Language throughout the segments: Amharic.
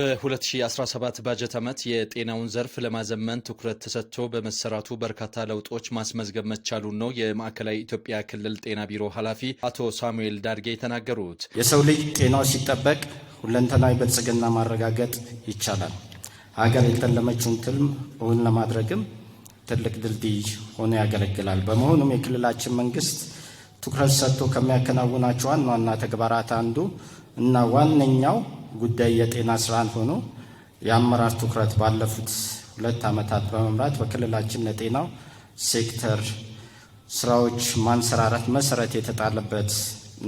በ2017 ባጀት ዓመት የጤናውን ዘርፍ ለማዘመን ትኩረት ተሰጥቶ በመሰራቱ በርካታ ለውጦች ማስመዝገብ መቻሉን ነው የማዕከላዊ ኢትዮጵያ ክልል ጤና ቢሮ ኃላፊ አቶ ሳሙኤል ዳርጌ የተናገሩት። የሰው ልጅ ጤናው ሲጠበቅ ሁለንተናዊ ብልጽግና ማረጋገጥ ይቻላል። ሀገር የተለመችውን ትልም እውን ለማድረግም ትልቅ ድልድይ ሆኖ ያገለግላል። በመሆኑም የክልላችን መንግስት ትኩረት ሰጥቶ ከሚያከናውናቸው ዋና ዋና ተግባራት አንዱ እና ዋነኛው ጉዳይ የጤና ስራን ሆኖ የአመራር ትኩረት ባለፉት ሁለት ዓመታት በመምራት በክልላችን ለጤናው ሴክተር ስራዎች ማንሰራራት መሰረት የተጣለበት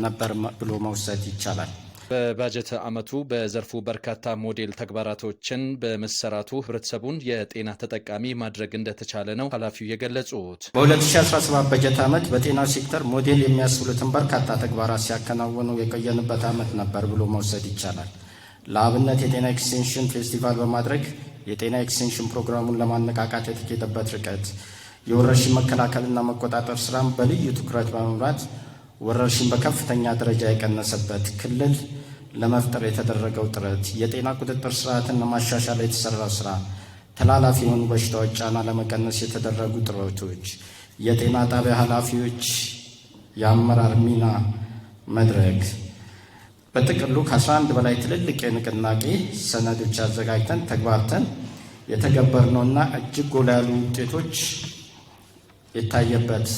ነበር ብሎ መውሰድ ይቻላል። በባጀት ዓመቱ በዘርፉ በርካታ ሞዴል ተግባራቶችን በመሰራቱ ህብረተሰቡን የጤና ተጠቃሚ ማድረግ እንደተቻለ ነው ኃላፊው የገለጹት። በ2017 በጀት ዓመት በጤና ሴክተር ሞዴል የሚያስብሉትን በርካታ ተግባራት ሲያከናውኑ የቆየንበት ዓመት ነበር ብሎ መውሰድ ይቻላል። ለአብነት የጤና ኤክስቴንሽን ፌስቲቫል በማድረግ የጤና ኤክስቴንሽን ፕሮግራሙን ለማነቃቃት የተኬደበት ርቀት የወረርሽኝ መከላከልና መቆጣጠር ስራም በልዩ ትኩረት በመምራት ወረርሽኝ በከፍተኛ ደረጃ የቀነሰበት ክልል ለመፍጠር የተደረገው ጥረት የጤና ቁጥጥር ስርዓትን ለማሻሻል የተሰራው ስራ ተላላፊ የሆኑ በሽታዎች ጫና ለመቀነስ የተደረጉ ጥረቶች የጤና ጣቢያ ኃላፊዎች የአመራር ሚና መድረክ በጥቅሉ ከ11 በላይ ትልልቅ የንቅናቄ ሰነዶች አዘጋጅተን ተግባርተን የተገበርነውና እጅግ ጎላ ያሉ ውጤቶች የታየበት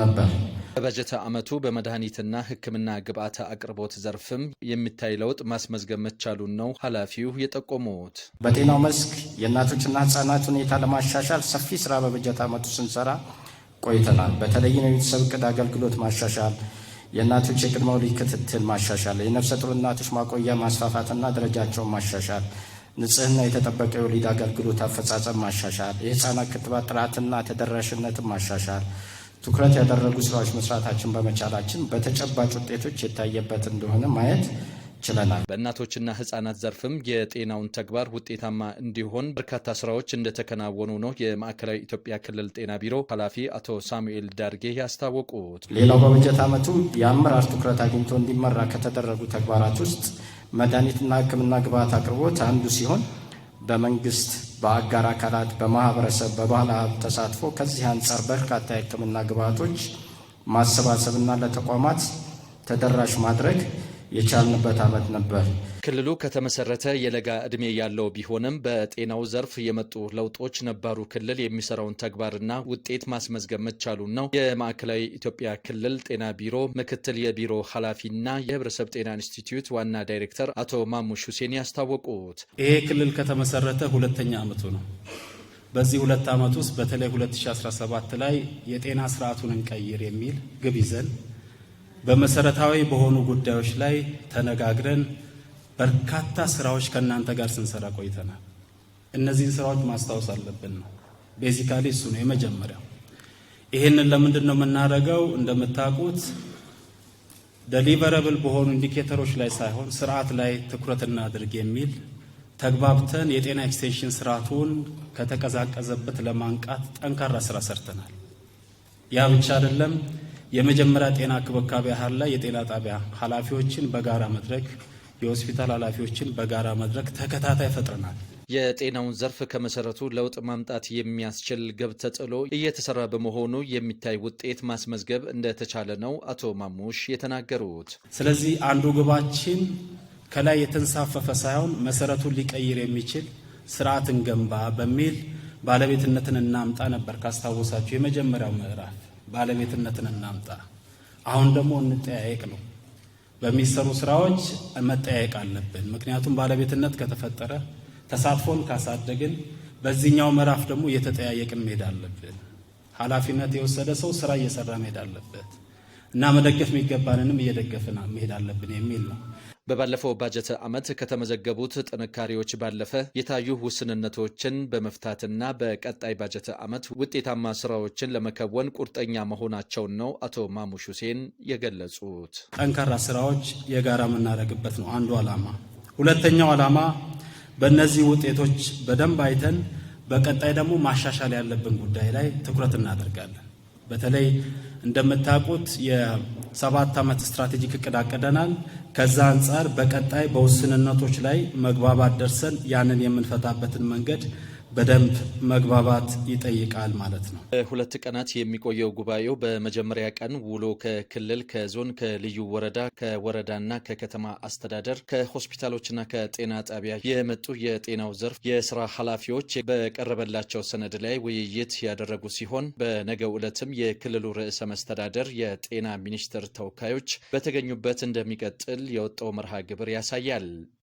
ነበር። በበጀት ዓመቱ በመድኃኒትና ሕክምና ግብዓት አቅርቦት ዘርፍም የሚታይ ለውጥ ማስመዝገብ መቻሉን ነው ኃላፊው የጠቆሙት። በጤናው መስክ የእናቶችና ሕጻናት ሁኔታ ለማሻሻል ሰፊ ስራ በበጀት ዓመቱ ስንሰራ ቆይተናል። በተለይም የቤተሰብ እቅድ አገልግሎት ማሻሻል የእናቶች የቅድመ ወሊድ ክትትል ማሻሻል፣ የነፍሰ ጡር እናቶች ማቆያ ማስፋፋትና ደረጃቸውን ማሻሻል፣ ንጽህና የተጠበቀ የወሊድ አገልግሎት አፈጻጸም ማሻሻል፣ የህፃናት ክትባት ጥራትና ተደራሽነትን ማሻሻል ትኩረት ያደረጉ ስራዎች መስራታችን በመቻላችን በተጨባጭ ውጤቶች የታየበት እንደሆነ ማየት ችለናል። በእናቶችና ህጻናት ዘርፍም የጤናውን ተግባር ውጤታማ እንዲሆን በርካታ ስራዎች እንደተከናወኑ ነው የማዕከላዊ ኢትዮጵያ ክልል ጤና ቢሮ ኃላፊ አቶ ሳሙኤል ዳርጌ ያስታወቁት። ሌላው በበጀት ዓመቱ የአመራር ትኩረት አግኝቶ እንዲመራ ከተደረጉ ተግባራት ውስጥ መድኃኒትና ህክምና ግብዓት አቅርቦት አንዱ ሲሆን በመንግስት በአጋር አካላት፣ በማህበረሰብ፣ በባህል ሀብ ተሳትፎ ከዚህ አንጻር በርካታ የሕክምና ግብዓቶች ማሰባሰብና ለተቋማት ተደራሽ ማድረግ የቻልንበት ዓመት ነበር። ክልሉ ከተመሰረተ የለጋ ዕድሜ ያለው ቢሆንም በጤናው ዘርፍ የመጡ ለውጦች ነባሩ ክልል የሚሰራውን ተግባርና ውጤት ማስመዝገብ መቻሉን ነው የማዕከላዊ ኢትዮጵያ ክልል ጤና ቢሮ ምክትል የቢሮ ኃላፊና የህብረተሰብ ጤና ኢንስቲትዩት ዋና ዳይሬክተር አቶ ማሙሽ ሁሴን ያስታወቁት። ይሄ ክልል ከተመሰረተ ሁለተኛ ዓመቱ ነው። በዚህ ሁለት ዓመት ውስጥ በተለይ 2017 ላይ የጤና ስርዓቱን እንቀይር የሚል ግብ ይዘን በመሰረታዊ በሆኑ ጉዳዮች ላይ ተነጋግረን በርካታ ስራዎች ከእናንተ ጋር ስንሰራ ቆይተናል። እነዚህን ስራዎች ማስታወስ አለብን ነው ቤዚካሊ እሱ ነው የመጀመሪያው። ይህንን ለምንድን ነው የምናደርገው? እንደምታውቁት ደሊቨረብል በሆኑ ኢንዲኬተሮች ላይ ሳይሆን ስርዓት ላይ ትኩረት እናድርግ የሚል ተግባብተን የጤና ኤክስቴንሽን ስርዓቱን ከተቀዛቀዘበት ለማንቃት ጠንካራ ስራ ሰርተናል። ያ ብቻ አይደለም። የመጀመሪያ ጤና ክብካቤ ያህል ላይ የጤና ጣቢያ ኃላፊዎችን በጋራ መድረክ የሆስፒታል ኃላፊዎችን በጋራ መድረክ ተከታታይ ፈጥረናል። የጤናውን ዘርፍ ከመሰረቱ ለውጥ ማምጣት የሚያስችል ግብ ተጥሎ እየተሰራ በመሆኑ የሚታይ ውጤት ማስመዝገብ እንደተቻለ ነው አቶ ማሙሽ የተናገሩት። ስለዚህ አንዱ ግባችን ከላይ የተንሳፈፈ ሳይሆን መሰረቱን ሊቀይር የሚችል ስርዓትን ገንባ በሚል ባለቤትነትን እናምጣ ነበር። ካስታወሳችሁ የመጀመሪያው ምዕራፍ ባለቤትነትን እናምጣ። አሁን ደግሞ እንጠያየቅ ነው። በሚሰሩ ስራዎች መጠያየቅ አለብን። ምክንያቱም ባለቤትነት ከተፈጠረ ተሳትፎን ካሳደግን በዚህኛው ምዕራፍ ደግሞ እየተጠያየቅን መሄድ አለብን። ኃላፊነት የወሰደ ሰው ስራ እየሰራ መሄድ አለበት እና መደገፍ የሚገባንንም እየደገፍን መሄድ አለብን የሚል ነው። በባለፈው ባጀት ዓመት ከተመዘገቡት ጥንካሬዎች ባለፈ የታዩ ውስንነቶችን በመፍታትና በቀጣይ ባጀት ዓመት ውጤታማ ስራዎችን ለመከወን ቁርጠኛ መሆናቸውን ነው አቶ ማሙሽ ሁሴን የገለጹት። ጠንካራ ስራዎች የጋራ የምናደርግበት ነው አንዱ ዓላማ። ሁለተኛው ዓላማ በእነዚህ ውጤቶች በደንብ አይተን በቀጣይ ደግሞ ማሻሻል ያለብን ጉዳይ ላይ ትኩረት እናደርጋለን። በተለይ እንደምታውቁት የሰባት ዓመት ስትራቴጂክ እቅድ አቅደናል። ከዛ አንጻር በቀጣይ በውስንነቶች ላይ መግባባት ደርሰን ያንን የምንፈታበትን መንገድ በደንብ መግባባት ይጠይቃል ማለት ነው። ሁለት ቀናት የሚቆየው ጉባኤው በመጀመሪያ ቀን ውሎ ከክልል፣ ከዞን፣ ከልዩ ወረዳ፣ ከወረዳና ከከተማ አስተዳደር፣ ከሆስፒታሎችና ከጤና ጣቢያ የመጡ የጤናው ዘርፍ የስራ ኃላፊዎች በቀረበላቸው ሰነድ ላይ ውይይት ያደረጉ ሲሆን በነገው ዕለትም የክልሉ ርዕሰ መስተዳደር የጤና ሚኒስቴር ተወካዮች በተገኙበት እንደሚቀጥል የወጣው መርሃ ግብር ያሳያል።